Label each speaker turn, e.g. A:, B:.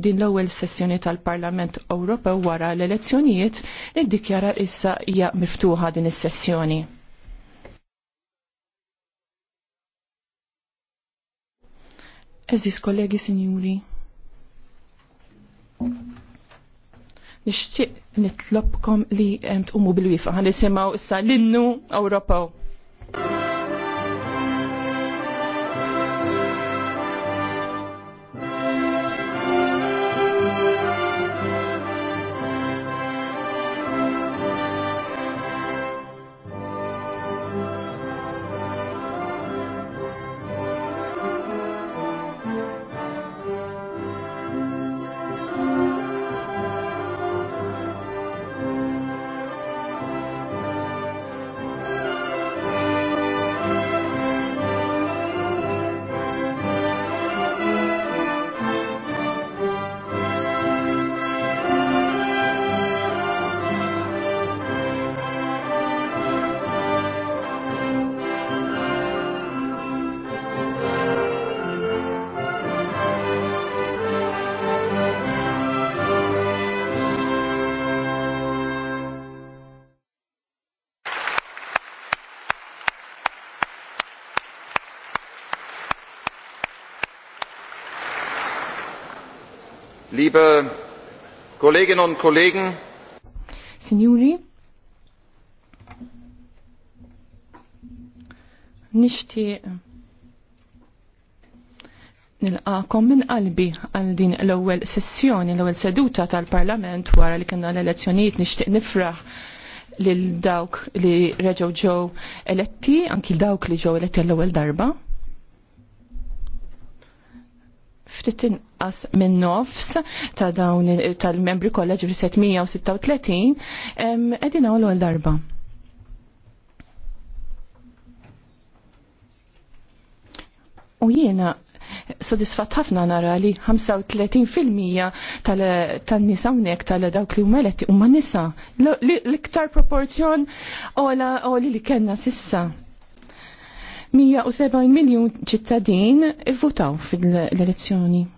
A: din l-ewwel sessjoni tal-Parlament Ewropew wara l-elezzjonijiet li ddikjara issa hija miftuħa din is-sessjoni. Eżis kollegi sinjuri. Nixtieq nitlobkom li tqumu bil-wifa ħan nisimgħu issa l-innu Ewropew.
B: Liebe Kolleginnen und Kollegen,
A: Signori, nishti nilqakom minn qalbi għal din l-ewwel sessjoni, l-ewwel seduta tal-Parlament wara li kienna l-elezzjonijiet nixtieq nifraħ lil dawk li reġgħu ġew eletti, anki dawk li ġew eletti l-ewwel darba ftit inqas minn nofs ta' dawn tal-membri kollha ġifri 736 qegħdin hawn l darba. U jiena sodisfatt ħafna nara li 35% tal-nisa hawnhekk tal-dawk li huma eletti huma nisa. L-iktar proporzjon ola li li kellna sissa. 170 miljon ċittadin votaw fil-elezzjoni.